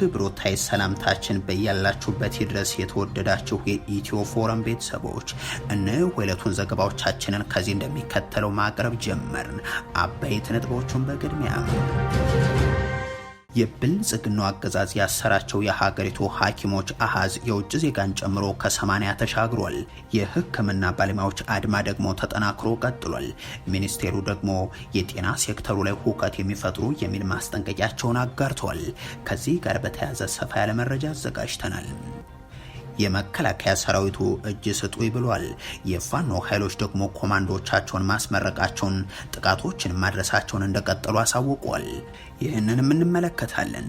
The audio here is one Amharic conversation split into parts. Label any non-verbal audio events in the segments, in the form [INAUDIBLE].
ክብሮታይ ሰላምታችን በያላችሁበት ይድረስ። የተወደዳችሁ የኢትዮ ፎረም ቤተሰቦች እነሆ ሁለቱን ዘገባዎቻችንን ከዚህ እንደሚከተለው ማቅረብ ጀመርን። አበይት ነጥቦቹን በቅድሚያ የብልጽግናው አገዛዝ ያሰራቸው የሀገሪቱ ሐኪሞች አሃዝ የውጭ ዜጋን ጨምሮ ከሰማንያ ተሻግሯል። የህክምና ባለሙያዎች አድማ ደግሞ ተጠናክሮ ቀጥሏል። ሚኒስቴሩ ደግሞ የጤና ሴክተሩ ላይ ሁከት የሚፈጥሩ የሚል ማስጠንቀቂያቸውን አጋርተዋል። ከዚህ ጋር በተያያዘ ሰፋ ያለ መረጃ አዘጋጅተናል። የመከላከያ ሰራዊቱ እጅ ስጡ ብሏል። የፋኖ ኃይሎች ደግሞ ኮማንዶቻቸውን ማስመረቃቸውን፣ ጥቃቶችን ማድረሳቸውን እንደቀጠሉ አሳውቋል። ይህንንም እንመለከታለን።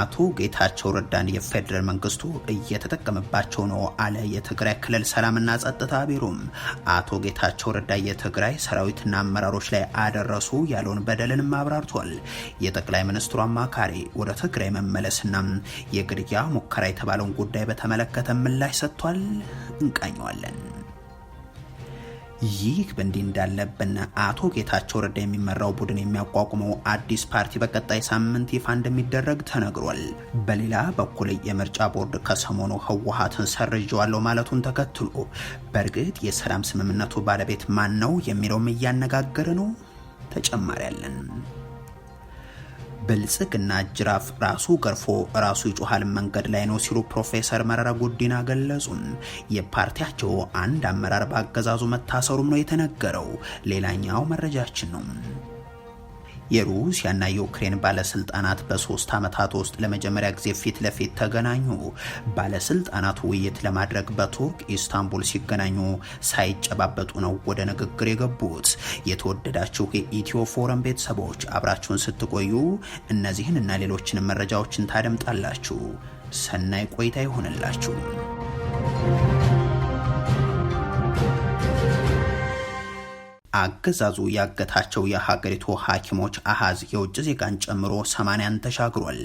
አቶ ጌታቸው ረዳን የፌዴራል መንግስቱ እየተጠቀመባቸው ነው አለ የትግራይ ክልል ሰላምና ጸጥታ ቢሮም። አቶ ጌታቸው ረዳ የትግራይ ሰራዊትና አመራሮች ላይ አደረሱ ያለውን በደልንም አብራርቷል። የጠቅላይ ሚኒስትሩ አማካሪ ወደ ትግራይ መመለስና የግድያ ሙከራ የተባለውን ጉዳይ በተመለከተ ምላሽ ሰጥቷል። እንቃኘዋለን። ይህ በእንዲህ እንዳለብን አቶ ጌታቸው ረዳ የሚመራው ቡድን የሚያቋቁመው አዲስ ፓርቲ በቀጣይ ሳምንት ይፋ እንደሚደረግ ተነግሯል። በሌላ በኩል የምርጫ ቦርድ ከሰሞኑ ህወሀትን ሰርዣዋለሁ ማለቱን ተከትሎ በእርግጥ የሰላም ስምምነቱ ባለቤት ማን ነው የሚለውም እያነጋገረ ነው። ተጨማሪ አለን። ብልጽግና ጅራፍ ራሱ ገርፎ ራሱ ይጮሃል መንገድ ላይ ነው ሲሉ ፕሮፌሰር መረራ ጉዲና ገለጹ። የፓርቲያቸው አንድ አመራር በአገዛዙ መታሰሩም ነው የተነገረው። ሌላኛው መረጃችን ነው። የሩሲያና የዩክሬን ባለስልጣናት በሶስት ዓመታት ውስጥ ለመጀመሪያ ጊዜ ፊት ለፊት ተገናኙ። ባለስልጣናቱ ውይይት ለማድረግ በቱርክ ኢስታንቡል ሲገናኙ ሳይጨባበጡ ነው ወደ ንግግር የገቡት። የተወደዳችሁ የኢትዮ ፎረም ቤተሰቦች አብራችሁን ስትቆዩ እነዚህን እና ሌሎችንም መረጃዎችን ታደምጣላችሁ። ሰናይ ቆይታ ይሆንላችሁ። አገዛዙ ያገታቸው የሀገሪቱ ሐኪሞች አሃዝ የውጭ ዜጋን ጨምሮ ሰማንያን ተሻግሯል።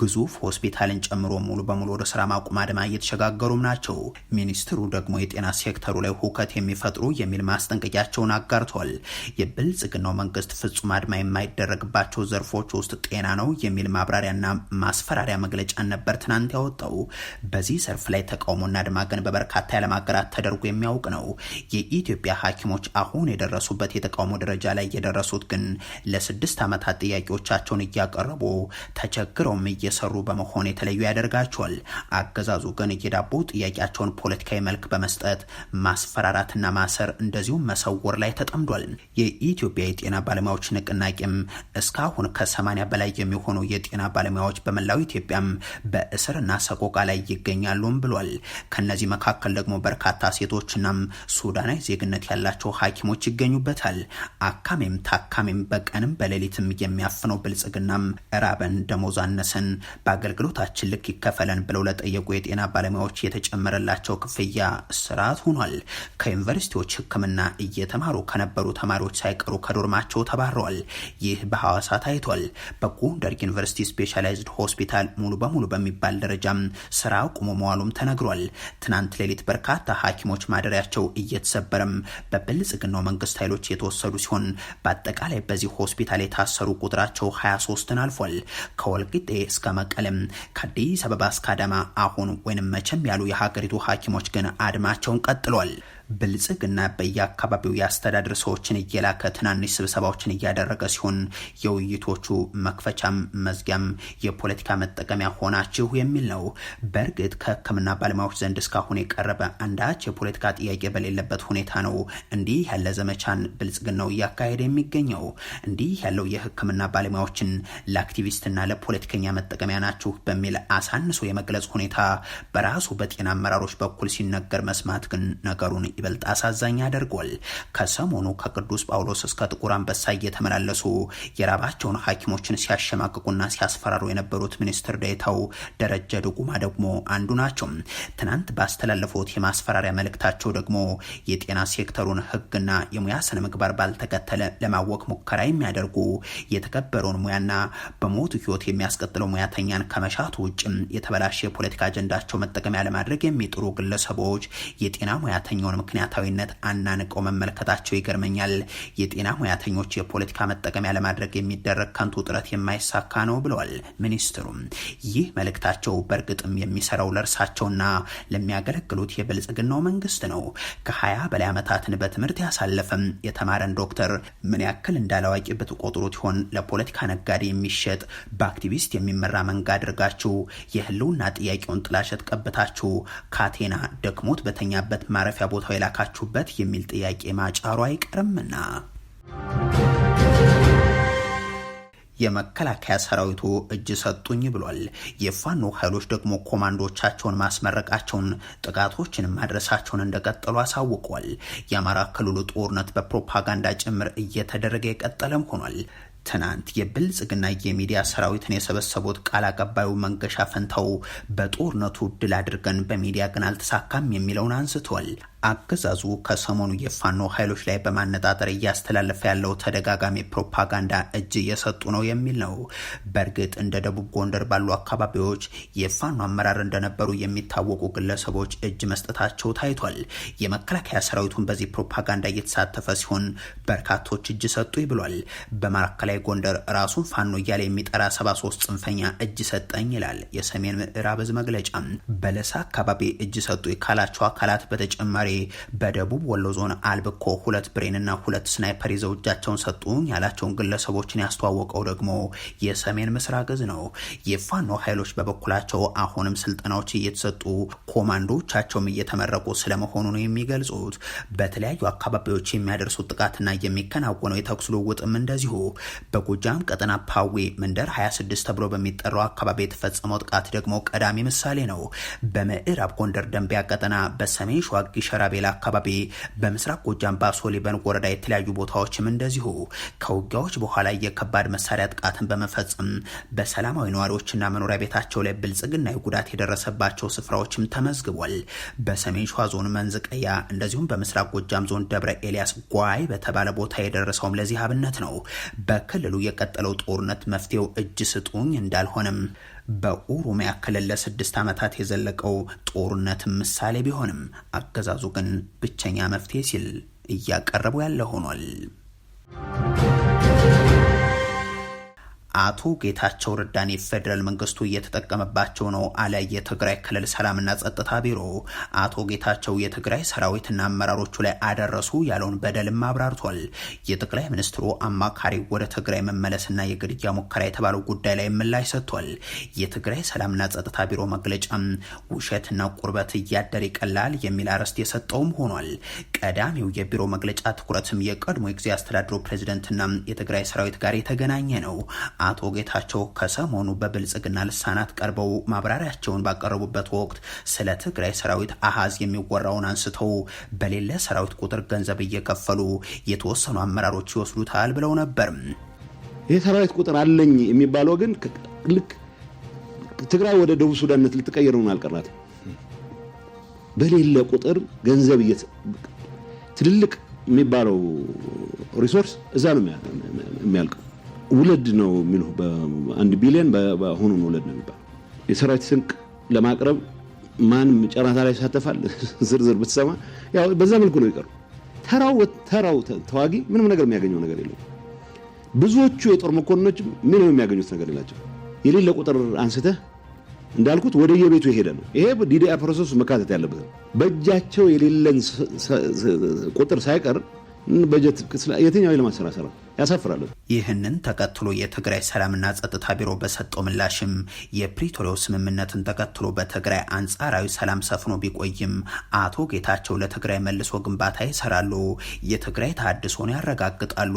ግዙፍ ሆስፒታልን ጨምሮ ሙሉ በሙሉ ወደ ስራ ማቆም አድማ እየተሸጋገሩም ናቸው። ሚኒስትሩ ደግሞ የጤና ሴክተሩ ላይ ሁከት የሚፈጥሩ የሚል ማስጠንቀቂያቸውን አጋርቷል። የብልጽግናው መንግስት ፍጹም አድማ የማይደረግባቸው ዘርፎች ውስጥ ጤና ነው የሚል ማብራሪያና ማስፈራሪያ መግለጫን ነበር ትናንት ያወጣው። በዚህ ዘርፍ ላይ ተቃውሞና አድማ ግን በበርካታ ያለም ሀገራት ተደርጎ የሚያውቅ ነው። የኢትዮጵያ ሐኪሞች አሁን የደረሱ በደረሱበት የተቃውሞ ደረጃ ላይ የደረሱት ግን ለስድስት ዓመታት ጥያቄዎቻቸውን እያቀረቡ ተቸግረውም እየሰሩ በመሆን የተለዩ ያደርጋቸዋል። አገዛዙ ግን የዳቦ ጥያቄያቸውን ፖለቲካዊ መልክ በመስጠት ማስፈራራትና ማሰር እንደዚሁም መሰወር ላይ ተጠምዷል። የኢትዮጵያ የጤና ባለሙያዎች ንቅናቄም እስካሁን ከ በላይ የሚሆኑ የጤና ባለሙያዎች በመላው ኢትዮጵያም በእስርና ሰቆቃ ላይ ይገኛሉም ብሏል። ከነዚህ መካከል ደግሞ በርካታ ሴቶችናም ሱዳናዊ ዜግነት ያላቸው ሐኪሞች ይገኛሉ። ይገኙበታል። አካሜም ታካሜም በቀንም በሌሊትም የሚያፍነው ብልጽግናም ራበን፣ ደሞዝ አነሰን፣ በአገልግሎታችን ልክ ይከፈለን ብለው ለጠየቁ የጤና ባለሙያዎች የተጨመረላቸው ክፍያ ስርዓት ሆኗል። ከዩኒቨርሲቲዎች ሕክምና እየተማሩ ከነበሩ ተማሪዎች ሳይቀሩ ከዶርማቸው ተባረዋል። ይህ በሐዋሳ ታይቷል። በጎንደር ዩኒቨርሲቲ ስፔሻላይዝድ ሆስፒታል ሙሉ በሙሉ በሚባል ደረጃም ስራ ቁሞ መዋሉም ተነግሯል። ትናንት ሌሊት በርካታ ሐኪሞች ማደሪያቸው እየተሰበረም በብልጽግናው መንግስት ኃይሎች የተወሰዱ ሲሆን በአጠቃላይ በዚህ ሆስፒታል የታሰሩ ቁጥራቸው 23ን አልፏል። ከወልቂጤ እስከ መቀለም፣ ከአዲስ አበባ እስከ አዳማ አሁን ወይንም መቼም ያሉ የሀገሪቱ ሐኪሞች ግን አድማቸውን ቀጥሏል። ብልጽግና በየአካባቢው የአስተዳደር ሰዎችን እየላከ ትናንሽ ስብሰባዎችን እያደረገ ሲሆን የውይይቶቹ መክፈቻም መዝጊያም የፖለቲካ መጠቀሚያ ሆናችሁ የሚል ነው። በእርግጥ ከሕክምና ባለሙያዎች ዘንድ እስካሁን የቀረበ አንዳች የፖለቲካ ጥያቄ በሌለበት ሁኔታ ነው እንዲህ ያለ ዘመቻን ብልጽግናው እያካሄደ የሚገኘው። እንዲህ ያለው የሕክምና ባለሙያዎችን ለአክቲቪስትና ለፖለቲከኛ መጠቀሚያ ናችሁ በሚል አሳንሶ የመግለጽ ሁኔታ በራሱ በጤና አመራሮች በኩል ሲነገር መስማት ግን ነገሩን ይበልጥ አሳዛኝ አድርጓል። ከሰሞኑ ከቅዱስ ጳውሎስ እስከ ጥቁር አንበሳ እየተመላለሱ የራባቸውን ሐኪሞችን ሲያሸማቅቁና ሲያስፈራሩ የነበሩት ሚኒስትር ዴኤታው ደረጀ ድጉማ ደግሞ አንዱ ናቸው። ትናንት ባስተላለፉት የማስፈራሪያ መልእክታቸው ደግሞ የጤና ሴክተሩን ህግና የሙያ ስነ ምግባር ባልተከተለ ለማወቅ ሙከራ የሚያደርጉ የተከበረውን ሙያና በሞቱ ህይወት የሚያስቀጥለው ሙያተኛን ከመሻቱ ውጭ የተበላሸ የፖለቲካ አጀንዳቸው መጠቀሚያ ለማድረግ የሚጥሩ ግለሰቦች የጤና ሙያተኛውን ምክንያታዊነት አናንቀው መመልከታቸው ይገርመኛል። የጤና ሙያተኞች የፖለቲካ መጠቀሚያ ለማድረግ የሚደረግ ከንቱ ጥረት የማይሳካ ነው ብለዋል ሚኒስትሩም። ይህ መልእክታቸው በእርግጥም የሚሰራው ለእርሳቸውና ለሚያገለግሉት የብልጽግናው መንግስት ነው። ከሀያ በላይ ዓመታትን በትምህርት ያሳለፈም የተማረን ዶክተር ምን ያክል እንዳላዋቂ ብትቆጥሩት ይሆን? ለፖለቲካ ነጋዴ የሚሸጥ በአክቲቪስት የሚመራ መንጋ አድርጋችሁ የህልውና ጥያቄውን ጥላሸት ቀብታችሁ ካቴና ደክሞት በተኛበት ማረፊያ ቦታ የላካችሁበት የሚል ጥያቄ ማጫሩ አይቀርምና የመከላከያ ሰራዊቱ እጅ ሰጡኝ ብሏል። የፋኖ ኃይሎች ደግሞ ኮማንዶቻቸውን ማስመረቃቸውን ጥቃቶችን ማድረሳቸውን እንደቀጠሉ አሳውቀዋል። የአማራ ክልሉ ጦርነት በፕሮፓጋንዳ ጭምር እየተደረገ የቀጠለም ሆኗል። ትናንት የብልጽግና የሚዲያ ሰራዊትን የሰበሰቡት ቃል አቀባዩ መንገሻ ፈንታው በጦርነቱ ድል አድርገን በሚዲያ ግን አልተሳካም የሚለውን አንስተዋል። አገዛዙ ከሰሞኑ የፋኖ ኃይሎች ላይ በማነጣጠር እያስተላለፈ ያለው ተደጋጋሚ ፕሮፓጋንዳ እጅ እየሰጡ ነው የሚል ነው። በእርግጥ እንደ ደቡብ ጎንደር ባሉ አካባቢዎች የፋኖ አመራር እንደነበሩ የሚታወቁ ግለሰቦች እጅ መስጠታቸው ታይቷል። የመከላከያ ሰራዊቱን በዚህ ፕሮፓጋንዳ እየተሳተፈ ሲሆን በርካቶች እጅ ሰጡ ይብሏል። በማዕከላዊ ጎንደር ራሱን ፋኖ እያለ የሚጠራ 73 ጽንፈኛ እጅ ሰጠኝ ይላል የሰሜን ምዕራብ ዕዝ መግለጫ። በለሳ አካባቢ እጅ ሰጡ ካላቸው አካላት በተጨማሪ በደቡብ ወሎ ዞን አልብኮ ሁለት ብሬንና ሁለት ስናይፐር ይዘው እጃቸውን ሰጡ ያላቸውን ግለሰቦችን ያስተዋወቀው ደግሞ የሰሜን ምስራቅ እዝ ነው። የፋኖ ኃይሎች በበኩላቸው አሁንም ስልጠናዎች እየተሰጡ ኮማንዶቻቸውም እየተመረቁ ስለመሆኑ ነው የሚገልጹት። በተለያዩ አካባቢዎች የሚያደርሱት ጥቃትና የሚከናወነው የተኩስ ልውውጥም እንደዚሁ። በጎጃም ቀጠና ፓዌ መንደር 26 ተብሎ በሚጠራው አካባቢ የተፈጸመው ጥቃት ደግሞ ቀዳሚ ምሳሌ ነው። በምዕራብ ጎንደር ደንቢያ ቀጠና፣ በሰሜን ሸዋ ጊሸራ ራቤላ አካባቢ፣ በምስራቅ ጎጃም ባሶሊበን ወረዳ የተለያዩ ቦታዎችም እንደዚሁ ከውጊያዎች በኋላ የከባድ መሳሪያ ጥቃትን በመፈጸም በሰላማዊ ነዋሪዎችና መኖሪያ ቤታቸው ላይ ብልጽግናዊ ጉዳት የደረሰባቸው ስፍራዎችም ተመዝግቧል። በሰሜን ሸዋ ዞን መንዝቀያ እንደዚሁም በምስራቅ ጎጃም ዞን ደብረ ኤልያስ ጓይ በተባለ ቦታ የደረሰውም ለዚህ አብነት ነው። በክልሉ የቀጠለው ጦርነት መፍትሄው እጅ ስጡኝ እንዳልሆነም በኦሮሚያ ክልል ለስድስት ዓመታት የዘለቀው ጦርነት ምሳሌ ቢሆንም አገዛዙ ግን ብቸኛ መፍትሄ ሲል እያቀረቡ ያለ ሆኗል። አቶ ጌታቸው ረዳን የፌዴራል መንግስቱ እየተጠቀመባቸው ነው አለ የትግራይ ክልል ሰላምና ጸጥታ ቢሮ። አቶ ጌታቸው የትግራይ ሰራዊትና አመራሮቹ ላይ አደረሱ ያለውን በደልም አብራርቷል። የጠቅላይ ሚኒስትሩ አማካሪ ወደ ትግራይ መመለስና የግድያ ሙከራ የተባለው ጉዳይ ላይ ምላሽ ሰጥቷል። የትግራይ ሰላምና ጸጥታ ቢሮ መግለጫም ውሸትና ቁርበት እያደር ይቀላል የሚል አርዕስት የሰጠውም ሆኗል። ቀዳሚው የቢሮ መግለጫ ትኩረትም የቀድሞ የጊዜ አስተዳድሮ ፕሬዚደንትና የትግራይ ሰራዊት ጋር የተገናኘ ነው። አቶ ጌታቸው ከሰሞኑ በብልጽግና ልሳናት ቀርበው ማብራሪያቸውን ባቀረቡበት ወቅት ስለ ትግራይ ሰራዊት አሃዝ የሚወራውን አንስተው በሌለ ሰራዊት ቁጥር ገንዘብ እየከፈሉ የተወሰኑ አመራሮች ይወስዱታል ብለው ነበር። ይህ ሰራዊት ቁጥር አለኝ የሚባለው ግን ልክ ትግራይ ወደ ደቡብ ሱዳንነት ልትቀየር ነው አልቀራት በሌለ ቁጥር ገንዘብ ትልልቅ የሚባለው ሪሶርስ እዛ ነው የሚያልቀው። ውለድ ነው የሚሉ አንድ ቢሊዮን በአሁኑ ውለድ ነው የሚባል የሰራዊት ስንቅ ለማቅረብ ማንም ጨረታ ላይ ይሳተፋል። [LAUGHS] ዝርዝር ብትሰማ ያው በዛ መልኩ ነው ይቀሩ። ተራው ተራው ተዋጊ ምንም ነገር የሚያገኘው ነገር የለም። ብዙዎቹ የጦር መኮንኖች ምንም የሚያገኙት ነገር የላቸው። የሌለ ቁጥር አንስተህ እንዳልኩት ወደ የቤቱ የሄደ ነው። ይሄ ዲዲአር ፕሮሰሱ መካተት ያለበት ነው። በእጃቸው የሌለን ቁጥር ሳይቀር በጀት የትኛው የልማት ስራ ሰራ ያሳፍራል። ይህንን ተከትሎ የትግራይ ሰላምና ጸጥታ ቢሮ በሰጠው ምላሽም የፕሪቶሪያው ስምምነትን ተከትሎ በትግራይ አንጻራዊ ሰላም ሰፍኖ ቢቆይም አቶ ጌታቸው ለትግራይ መልሶ ግንባታ ይሰራሉ፣ የትግራይ ተሃድሶን ያረጋግጣሉ፣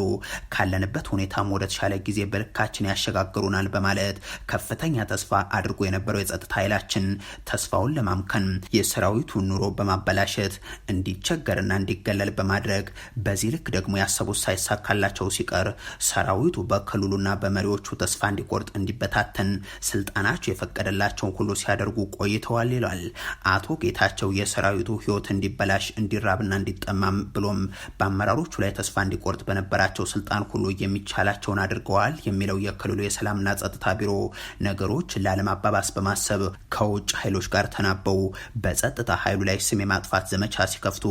ካለንበት ሁኔታም ወደ ተሻለ ጊዜ በልካችን ያሸጋግሩናል በማለት ከፍተኛ ተስፋ አድርጎ የነበረው የጸጥታ ኃይላችን ተስፋውን ለማምከን የሰራዊቱን ኑሮ በማበላሸት እንዲቸገርና እንዲገለል በማድረግ በዚህ ልክ ደግሞ ያሰቡት ሳይሳካላቸው ሲ ሲቀር ሰራዊቱ በክልሉና በመሪዎቹ ተስፋ እንዲቆርጥ እንዲበታተን ስልጣናቸው የፈቀደላቸውን ሁሉ ሲያደርጉ ቆይተዋል ይሏል አቶ ጌታቸው። የሰራዊቱ ህይወት እንዲበላሽ እንዲራብና እንዲጠማም ብሎም በአመራሮቹ ላይ ተስፋ እንዲቆርጥ በነበራቸው ስልጣን ሁሉ የሚቻላቸውን አድርገዋል የሚለው የክልሉ የሰላምና ጸጥታ ቢሮ ነገሮች ላለማባባስ በማሰብ ከውጭ ኃይሎች ጋር ተናበው በጸጥታ ኃይሉ ላይ ስም የማጥፋት ዘመቻ ሲከፍቱ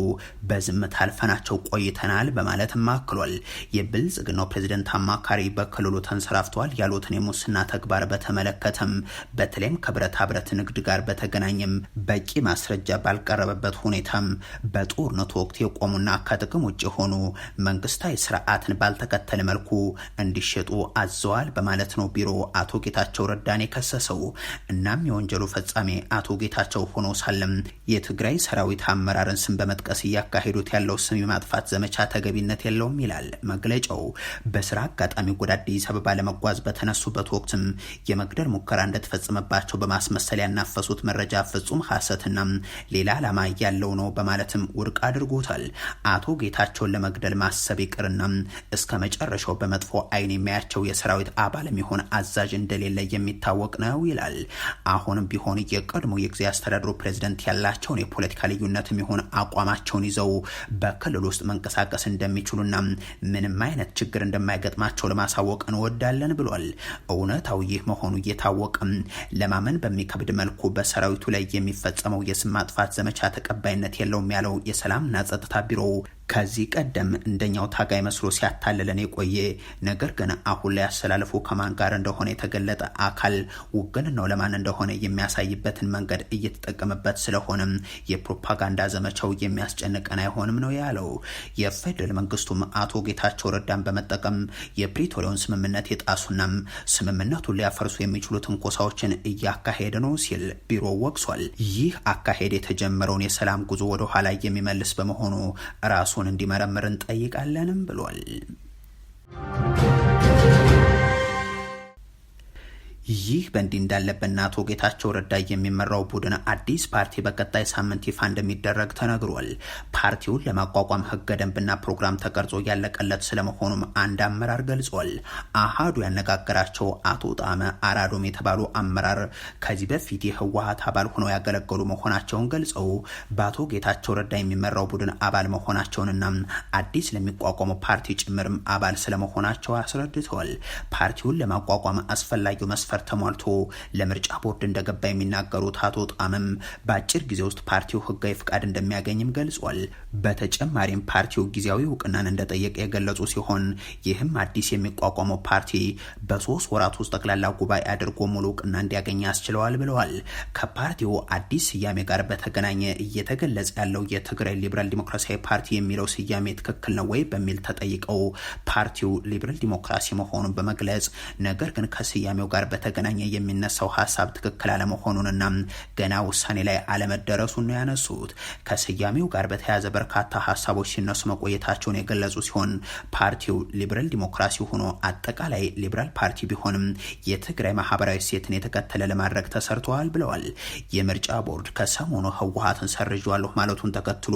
በዝምታ አልፈናቸው ቆይተናል በማለትም አክሏል። የብልጽ የብልጽግናው ፕሬዚደንት አማካሪ በክልሉ ተንሰራፍተዋል ያሉትን የሙስና ተግባር በተመለከተም በተለይም ከብረታ ብረት ንግድ ጋር በተገናኘም በቂ ማስረጃ ባልቀረበበት ሁኔታም በጦርነቱ ወቅት የቆሙና ከጥቅም ውጭ የሆኑ መንግስታዊ ስርዓትን ባልተከተለ መልኩ እንዲሸጡ አዘዋል በማለት ነው ቢሮ አቶ ጌታቸው ረዳን የከሰሰው። እናም የወንጀሉ ፈጻሜ አቶ ጌታቸው ሆኖ ሳለም የትግራይ ሰራዊት አመራርን ስም በመጥቀስ እያካሄዱት ያለው ስም የማጥፋት ዘመቻ ተገቢነት የለውም ይላል መግለጫው። በስራ አጋጣሚ ወደ አዲስ አበባ ለመጓዝ በተነሱበት ወቅትም የመግደል ሙከራ እንደተፈጸመባቸው በማስመሰል ያናፈሱት መረጃ ፍጹም ሐሰትና ሌላ ዓላማ ያለው ነው በማለትም ውድቅ አድርጎታል። አቶ ጌታቸውን ለመግደል ማሰብ ይቅርና እስከ መጨረሻው በመጥፎ አይን የሚያያቸው የሰራዊት አባል የሚሆን አዛዥ እንደሌለ የሚታወቅ ነው ይላል። አሁንም ቢሆን የቀድሞ የጊዜ አስተዳድሩ ፕሬዝደንት ያላቸውን የፖለቲካ ልዩነት የሚሆን አቋማቸውን ይዘው በክልል ውስጥ መንቀሳቀስ እንደሚችሉና ምንም አይነት ችግር እንደማይገጥማቸው ለማሳወቅ እንወዳለን ብሏል። እውነታው ይህ መሆኑ እየታወቀም ለማመን በሚከብድ መልኩ በሰራዊቱ ላይ የሚፈጸመው የስም ማጥፋት ዘመቻ ተቀባይነት የለውም ያለው የሰላምና ጸጥታ ቢሮው ከዚህ ቀደም እንደኛው ታጋይ መስሎ ሲያታልለን የቆየ ነገር ግን አሁን ላይ ያስተላለፉ ከማን ጋር እንደሆነ የተገለጠ አካል ውግንናው ለማን እንደሆነ የሚያሳይበትን መንገድ እየተጠቀመበት ስለሆነም የፕሮፓጋንዳ ዘመቻው የሚያስጨንቀን አይሆንም ነው ያለው። የፌደራል መንግስቱም አቶ ጌታቸው ረዳን በመጠቀም የፕሪቶሪያውን ስምምነት የጣሱና ስምምነቱን ሊያፈርሱ የሚችሉ ትንኮሳዎችን እያካሄደ ነው ሲል ቢሮ ወቅሷል። ይህ አካሄድ የተጀመረውን የሰላም ጉዞ ወደኋላ የሚመልስ በመሆኑ ራሱ ራሱን እንዲመረምር እንጠይቃለንም ብሏል። ይህ በእንዲህ እንዳለበትና አቶ ጌታቸው ረዳ የሚመራው ቡድን አዲስ ፓርቲ በቀጣይ ሳምንት ይፋ እንደሚደረግ ተነግሯል። ፓርቲውን ለማቋቋም ህገ ደንብና ፕሮግራም ተቀርጾ ያለቀለት ስለመሆኑም አንድ አመራር ገልጿል። አሃዱ ያነጋገራቸው አቶ ጣመ አራዶም የተባሉ አመራር ከዚህ በፊት የህወሀት አባል ሆነው ያገለገሉ መሆናቸውን ገልጸው በአቶ ጌታቸው ረዳ የሚመራው ቡድን አባል መሆናቸውንና አዲስ ለሚቋቋመው ፓርቲ ጭምርም አባል ስለመሆናቸው አስረድተዋል። ፓርቲውን ለማቋቋም አስፈላጊው መስፈ አፈር ተሟልቶ ለምርጫ ቦርድ እንደገባ የሚናገሩት አቶ ጣምም በአጭር ጊዜ ውስጥ ፓርቲው ህጋዊ ፍቃድ እንደሚያገኝም ገልጿል። በተጨማሪም ፓርቲው ጊዜያዊ እውቅናን እንደጠየቀ የገለጹ ሲሆን ይህም አዲስ የሚቋቋመው ፓርቲ በሶስት ወራት ውስጥ ጠቅላላ ጉባኤ አድርጎ ሙሉ እውቅና እንዲያገኝ ያስችለዋል ብለዋል። ከፓርቲው አዲስ ስያሜ ጋር በተገናኘ እየተገለጸ ያለው የትግራይ ሊበራል ዲሞክራሲያዊ ፓርቲ የሚለው ስያሜ ትክክል ነው ወይ በሚል ተጠይቀው ፓርቲው ሊበራል ዲሞክራሲ መሆኑን በመግለጽ ነገር ግን ከስያሜው ጋር በተ በተገናኘ የሚነሳው ሀሳብ ትክክል አለመሆኑንና ገና ውሳኔ ላይ አለመደረሱን ነው ያነሱት። ከስያሜው ጋር በተያያዘ በርካታ ሀሳቦች ሲነሱ መቆየታቸውን የገለጹ ሲሆን ፓርቲው ሊበራል ዲሞክራሲ ሆኖ አጠቃላይ ሊበራል ፓርቲ ቢሆንም የትግራይ ማህበራዊ ሴትን የተከተለ ለማድረግ ተሰርተዋል ብለዋል። የምርጫ ቦርድ ከሰሞኑ ህወሀትን ሰርዣለሁ ማለቱን ተከትሎ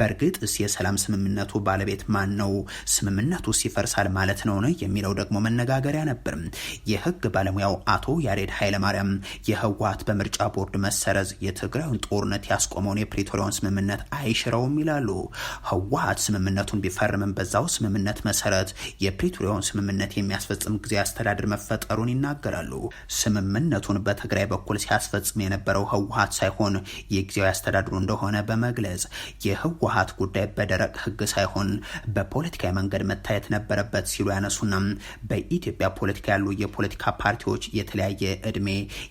በእርግጥስ የሰላም ስምምነቱ ባለቤት ማን ነው? ስምምነቱ ይፈርሳል ማለት ነው ነው የሚለው ደግሞ መነጋገሪያ ነበር። የህግ ባለሙያው አቶ ያሬድ ኃይለማርያም የህወሀት በምርጫ ቦርድ መሰረዝ የትግራዩን ጦርነት ያስቆመውን የፕሪቶሪያውን ስምምነት አይሽረውም ይላሉ። ህወሀት ስምምነቱን ቢፈርምም በዛው ስምምነት መሰረት የፕሪቶሪያውን ስምምነት የሚያስፈጽም ጊዜ አስተዳደር መፈጠሩን ይናገራሉ። ስምምነቱን በትግራይ በኩል ሲያስፈጽም የነበረው ህወሀት ሳይሆን የጊዜያዊ አስተዳድሩ እንደሆነ በመግለጽ የህወሀት ጉዳይ በደረቅ ህግ ሳይሆን በፖለቲካዊ መንገድ መታየት ነበረበት ሲሉ ያነሱና በኢትዮጵያ ፖለቲካ ያሉ የፖለቲካ ፓርቲዎች የተለያየ እድሜ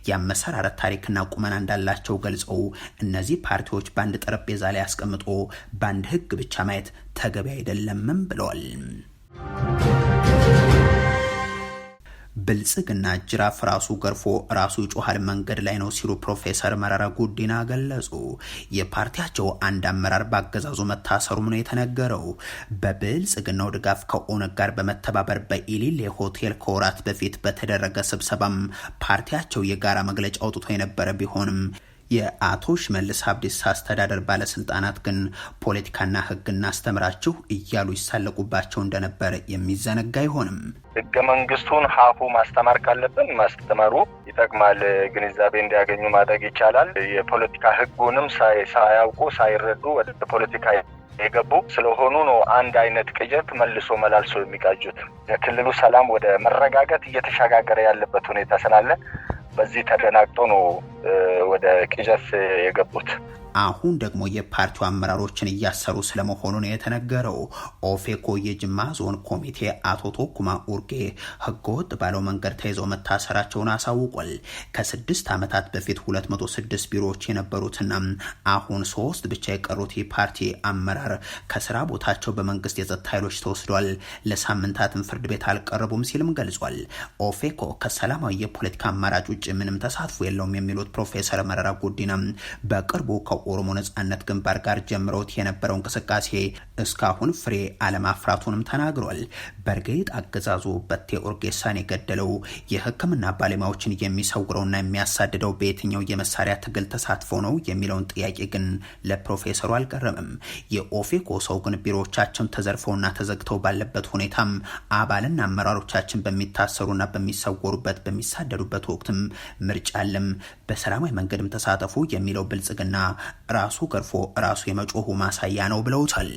የአመሰራረት ታሪክና ቁመና እንዳላቸው ገልጸው እነዚህ ፓርቲዎች በአንድ ጠረጴዛ ላይ አስቀምጦ በአንድ ህግ ብቻ ማየት ተገቢ አይደለምም ብለዋል። ብልጽግና ጅራፍ ራሱ ገርፎ ራሱ ይጮሃል መንገድ ላይ ነው ሲሉ ፕሮፌሰር መረራ ጉዲና ገለጹ። የፓርቲያቸው አንድ አመራር በአገዛዙ መታሰሩም ነው የተነገረው። በብልጽግናው ድጋፍ ከኦነግ ጋር በመተባበር በኢሊሌ ሆቴል ከወራት በፊት በተደረገ ስብሰባም ፓርቲያቸው የጋራ መግለጫ አውጥቶ የነበረ ቢሆንም የአቶ ሽመልስ አብዲሳ አስተዳደር ባለስልጣናት ግን ፖለቲካና ህግ እናስተምራችሁ እያሉ ይሳለቁባቸው እንደነበር የሚዘነጋ አይሆንም። ህገ መንግስቱን ሀፉ ማስተማር ካለብን ማስተማሩ ይጠቅማል። ግንዛቤ እንዲያገኙ ማድረግ ይቻላል። የፖለቲካ ህጉንም ሳያውቁ ሳይረዱ ወደ ፖለቲካ የገቡ ስለሆኑ ነው። አንድ አይነት ቅዠት መልሶ መላልሶ የሚቃጁት የክልሉ ሰላም ወደ መረጋጋት እየተሸጋገረ ያለበት ሁኔታ ስላለ በዚህ ተደናግጦ ነው ወደ ቅዠት የገቡት። አሁን ደግሞ የፓርቲው አመራሮችን እያሰሩ ስለመሆኑ ነው የተነገረው። ኦፌኮ የጅማ ዞን ኮሚቴ አቶ ቶኩማ ኡርጌ ህገወጥ ባለው መንገድ ተይዘው መታሰራቸውን አሳውቋል። ከስድስት ዓመታት በፊት 206 ቢሮዎች የነበሩትና አሁን ሶስት ብቻ የቀሩት የፓርቲ አመራር ከስራ ቦታቸው በመንግስት የጸጥታ ኃይሎች ተወስዷል። ለሳምንታትም ፍርድ ቤት አልቀረቡም ሲልም ገልጿል። ኦፌኮ ከሰላማዊ የፖለቲካ አማራጭ ውጭ ምንም ተሳትፎ የለውም የሚሉት ፕሮፌሰር መረራ ጉዲና በቅርቡ ከኦሮሞ ነጻነት ግንባር ጋር ጀምረውት የነበረው እንቅስቃሴ እስካሁን ፍሬ አለማፍራቱንም ተናግሯል። በእርግጥ አገዛዙ በቴ ኦርጌሳን የገደለው የሕክምና ባለሙያዎችን የሚሰውረውና የሚያሳድደው በየትኛው የመሳሪያ ትግል ተሳትፎ ነው የሚለውን ጥያቄ ግን ለፕሮፌሰሩ አልቀረምም። የኦፌኮ ሰው ግን ቢሮዎቻቸውን ተዘርፈውና ተዘግተው ባለበት ሁኔታም አባልና አመራሮቻችን በሚታሰሩና በሚሰወሩበት በሚሳደዱበት ወቅትም ምርጫ አለም በሰላማዊ መንገድም ተሳተፉ የሚለው ብልጽግና ራሱ ገርፎ ራሱ የመጮሁ ማሳያ ነው ብለውታል።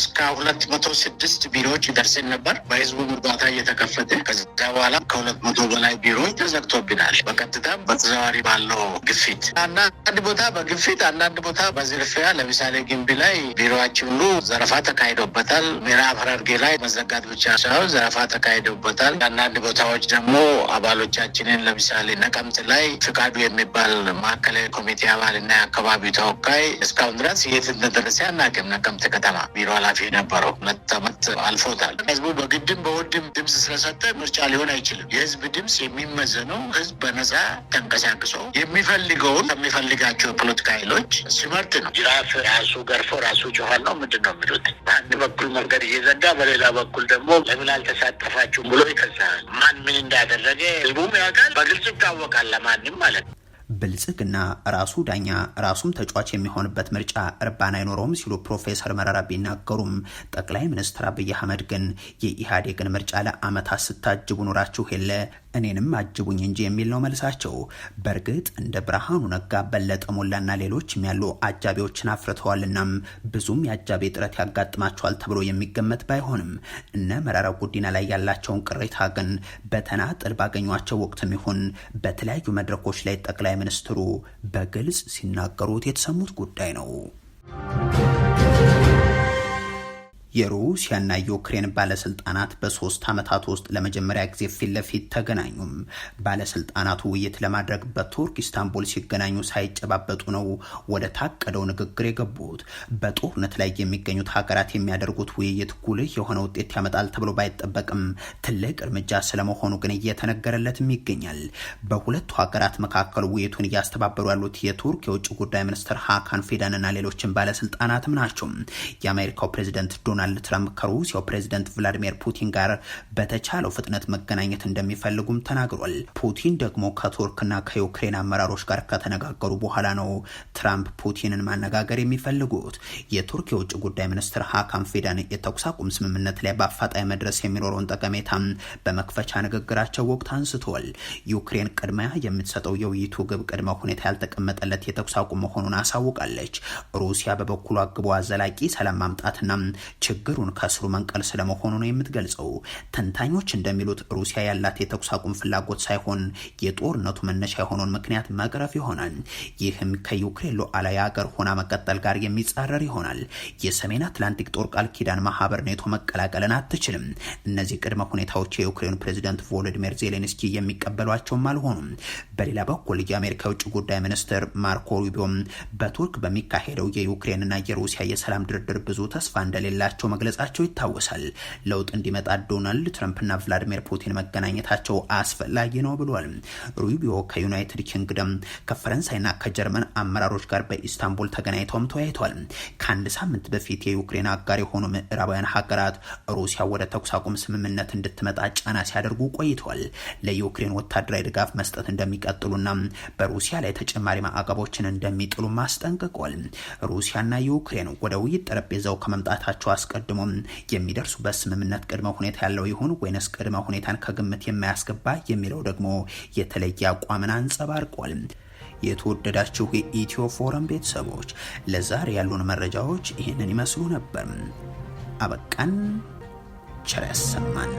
እስከ ሁለት መቶ ስድስት ቢሮዎች ደርሰን ነበር። በህዝቡ እርዳታ እየተከፈተ ከዛ በኋላ ከሁለት መቶ በላይ ቢሮዎች ተዘግቶብናል። በቀጥታ በተዘዋዋሪ ባለው ግፊት አንዳንድ ቦታ በግፊት አንዳንድ ቦታ በዝርፊያ ለምሳሌ ግንቢ ላይ ቢሮዎችን ሁሉ ዘረፋ ተካሂዶበታል። ምዕራብ ሐረርጌ ላይ መዘጋት ብቻ ሳይሆን ዘረፋ ተካሂዶበታል። አንዳንድ ቦታዎች ደግሞ አባሎቻችንን ለምሳሌ ነቀምት ላይ ፍቃዱ የሚባል ማዕከላዊ ኮሚቴ አባልና የአካባቢው ተወካይ እስካሁን ድረስ የት እንደደረሰ አናውቅም። ነቀምት ከተማ ቢሮ ኃላፊ ነበረው መጠመት አልፎታል። ህዝቡ በግድም በውድም ድምፅ ስለሰጠ ምርጫ ሊሆን አይችልም። የህዝብ ድምፅ የሚመዘነው ህዝብ በነፃ ተንቀሳቅሶ የሚፈልገውን ከሚፈልጋቸው የፖለቲካ ኃይሎች ሲመርጥ ነው። ጅራፍ ራሱ ገርፎ ራሱ ጮኋል ነው ምንድን ነው የሚሉት? በአንድ በኩል መንገድ እየዘጋ በሌላ በኩል ደግሞ ለምን አልተሳተፋችሁም ብሎ ይከሳል። ማን ምን እንዳደረገ ህዝቡም ያውቃል። በግልጽ ይታወቃል ለማንም ማለት ነው። ብልጽግና ራሱ ዳኛ ራሱም ተጫዋች የሚሆንበት ምርጫ እርባን አይኖረውም ሲሉ ፕሮፌሰር መረራ ቢናገሩም ጠቅላይ ሚኒስትር አብይ አህመድ ግን የኢህአዴግን ምርጫ ለአመታት ስታጅቡ ኑራችሁ የለ እኔንም አጅቡኝ እንጂ የሚል ነው መልሳቸው። በእርግጥ እንደ ብርሃኑ ነጋ፣ በለጠ ሞላና ሌሎችም ያሉ አጃቢዎችን አፍርተዋልናም ብዙም የአጃቢ ጥረት ያጋጥማቸዋል ተብሎ የሚገመት ባይሆንም እነ መረራ ጉዲና ላይ ያላቸውን ቅሬታ ግን በተናጥል ባገኟቸው ወቅትም ይሁን በተለያዩ መድረኮች ላይ ጠቅላይ ሚኒስትሩ በግልጽ ሲናገሩት የተሰሙት ጉዳይ ነው። የሩሲያና ዩክሬን ባለስልጣናት በሶስት ዓመታት ውስጥ ለመጀመሪያ ጊዜ ፊት ለፊት ተገናኙም። ባለስልጣናቱ ውይይት ለማድረግ በቱርክ ኢስታንቡል ሲገናኙ ሳይጨባበጡ ነው ወደ ታቀደው ንግግር የገቡት። በጦርነት ላይ የሚገኙት ሀገራት የሚያደርጉት ውይይት ጉልህ የሆነ ውጤት ያመጣል ተብሎ ባይጠበቅም ትልቅ እርምጃ ስለመሆኑ ግን እየተነገረለትም ይገኛል። በሁለቱ ሀገራት መካከል ውይይቱን እያስተባበሩ ያሉት የቱርክ የውጭ ጉዳይ ሚኒስትር ሀካን ፊዳንና ሌሎችን ባለስልጣናትም ናቸው። የአሜሪካው ፕሬዚደንት ዶናልድ ዶናልድ ትራምፕ ከሩሲያው ፕሬዚደንት ቭላዲሚር ፑቲን ጋር በተቻለው ፍጥነት መገናኘት እንደሚፈልጉም ተናግሯል። ፑቲን ደግሞ ከቱርክና ከዩክሬን አመራሮች ጋር ከተነጋገሩ በኋላ ነው ትራምፕ ፑቲንን ማነጋገር የሚፈልጉት። የቱርክ የውጭ ጉዳይ ሚኒስትር ሀካም ፊዳን የተኩስ አቁም ስምምነት ላይ በአፋጣኝ መድረስ የሚኖረውን ጠቀሜታ በመክፈቻ ንግግራቸው ወቅት አንስተዋል። ዩክሬን ቅድሚያ የምትሰጠው የውይይቱ ግብ ቅድመ ሁኔታ ያልተቀመጠለት የተኩስ አቁም መሆኑን አሳውቃለች። ሩሲያ በበኩሏ ግቧ ዘላቂ ሰላም ማምጣትና ችግሩን ከስሩ መንቀል ስለመሆኑ ነው የምትገልጸው። ተንታኞች እንደሚሉት ሩሲያ ያላት የተኩስ አቁም ፍላጎት ሳይሆን የጦርነቱ መነሻ የሆነውን ምክንያት መቅረፍ ይሆናል። ይህም ከዩክሬን ሉዓላዊ ሀገር ሆና መቀጠል ጋር የሚጻረር ይሆናል። የሰሜን አትላንቲክ ጦር ቃል ኪዳን ማህበር ኔቶ መቀላቀልን አትችልም። እነዚህ ቅድመ ሁኔታዎች የዩክሬኑ ፕሬዚደንት ቮሎዲሚር ዜሌንስኪ የሚቀበሏቸውም አልሆኑም። በሌላ በኩል የአሜሪካ የውጭ ጉዳይ ሚኒስትር ማርኮ ሩቢዮም በቱርክ በሚካሄደው የዩክሬንና የሩሲያ የሰላም ድርድር ብዙ ተስፋ እንደሌላቸው መሆናቸው መግለጻቸው ይታወሳል። ለውጥ እንዲመጣ ዶናልድ ትረምፕና ቭላዲሚር ፑቲን መገናኘታቸው አስፈላጊ ነው ብሏል። ሩቢዮ ከዩናይትድ ኪንግደም ከፈረንሳይና ከጀርመን አመራሮች ጋር በኢስታንቡል ተገናኝተውም ተወያይተዋል። ከአንድ ሳምንት በፊት የዩክሬን አጋር የሆኑ ምዕራባውያን ሀገራት ሩሲያ ወደ ተኩስ አቁም ስምምነት እንድትመጣ ጫና ሲያደርጉ ቆይተዋል። ለዩክሬን ወታደራዊ ድጋፍ መስጠት እንደሚቀጥሉና በሩሲያ ላይ ተጨማሪ ማዕቀቦችን እንደሚጥሉ ማስጠንቅቋል። ሩሲያና ዩክሬን ወደ ውይይት ጠረጴዛው ከመምጣታቸው አስቀድሞም የሚደርሱበት ስምምነት ቅድመ ሁኔታ ያለው ይሁን ወይንስ ቅድመ ሁኔታን ከግምት የማያስገባ የሚለው ደግሞ የተለየ አቋምን አንጸባርቋል። የተወደዳችሁ የኢትዮ ፎረም ቤተሰቦች ለዛሬ ያሉን መረጃዎች ይህንን ይመስሉ ነበር። አበቃን። ቸር ያሰማን።